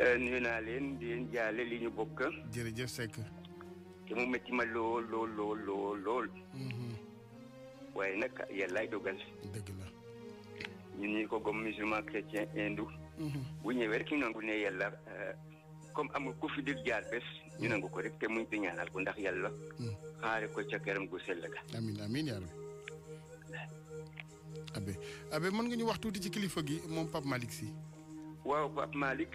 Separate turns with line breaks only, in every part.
Euh, nuyu naa leen di leen li ñu bokk.
jërëjëf Seck.
te mu métti ma lool lool lool lool mm-hmm. waaye nag yàllaay dogal. dëgg la. ñun ñu ko comme musulman chrétien hindou. Mm-hmm. bu ñëwee rek ñu nangu ne yàlla euh, comme amul ku fi jaar bés. ñu mm. nangu ko rek te muñ ko ko ndax yàlla. Mm. xaare ko ca këram gu sell ga. amiin amiin yaa rabbi.
abe abe mën nga ñu wax ci kilifa gi moom Pape Malick Sy.
waaw Pape Malick.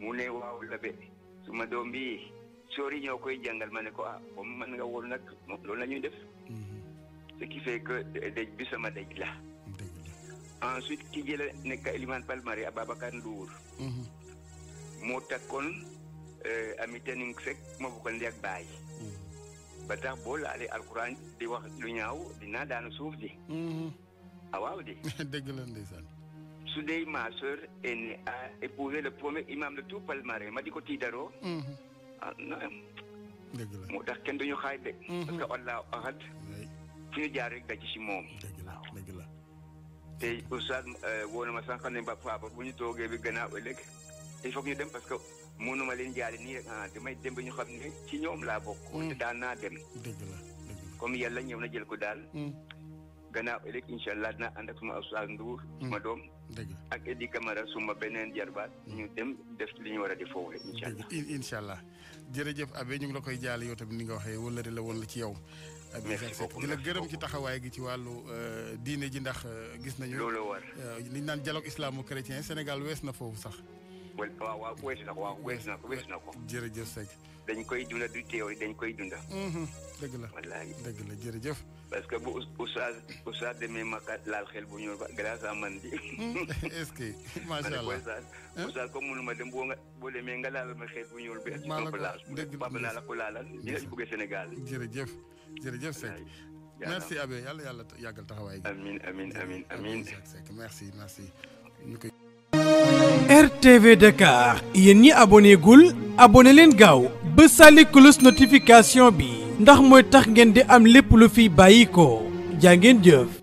mu ne waaw labe suma dombi, bi sori ñoo koy jàngal ma ne ko ah comme man nga woon nag loolu la ñuy def ce qui fait que dej bi sama dej la ensuite ki jëla nekk Eliman Palmari Ababacar Ndour moo mhm. takkoon eh, ami tening sek ma bokkal ndi ak mhm. ba tax boo laalee alquran di wax lu ñaaw dinaa daanu suuf di mhm. awaaw di dëgg la ndeysaan su dee ma soeur est née à épouser le premier imam de tout Palmarin ma di ko mhm. ah, moo tax kenn duñu xaaj de. Mhm. parce que Allahu ahad. fu ñu jaar rek daji si moom. dëgg la dëgg te oustaz euh, woo na ma sànq ne ba Pape bu ñu toogee bi gannaaw ëllëg il faut que ñu dem parce que mënuma leen jaaree nii rek ah damay dem ba ñu xam ne ci ñoom laa bokk. Mhm. te daan dem. dëgg la dëgg na jël ko daal. gannaaw ëllëg incha allah dinaa ànd ak suma Oustaz Ndour suma hmm. doom ak Eddy Camara suma beneen jarbaat hmm. ñu dem def li ñu war a foofu
incha allah jërëjëf Abe ñu ngi la koy jaal yow tamit ni nga waxee wëllëri la woon la ci yow di la gërëm ci taxawaay gi ci wàllu euh, diine ji ndax euh, gis nañu loolu war euh, li ñu naan dialogue islamo chrétien Sénégal wees na foofu sax
wala waaw waaw weesu na ko waaw weesu na ko weesu na ko. jërëjëf Seck. dañ koy dunda du teew dañ koy dunda. dëgg la wallaahi
dëgg la jërëjëf.
parce que bu oustaz oustaz demee Makka laal xel bu ñuul ba grâce à man bi. Mhm. est-ce que macha allah ma oustaz comme mënu ma dem boo nga nga laal ma xel bu ñuul bi. maa ko dëgg la papa naa la ko laalal ñu lañ bëggee Sénégal. jërëjëf Abe yàlla yàlla yàggal taxawaay gi. amiin amiin amiin amiin. merci RTV Dakar yeni ñi abonné gul abonné len gaaw ba kulus notification bi ndax moy tax ngeen di am lépp lu fi bayiko
ko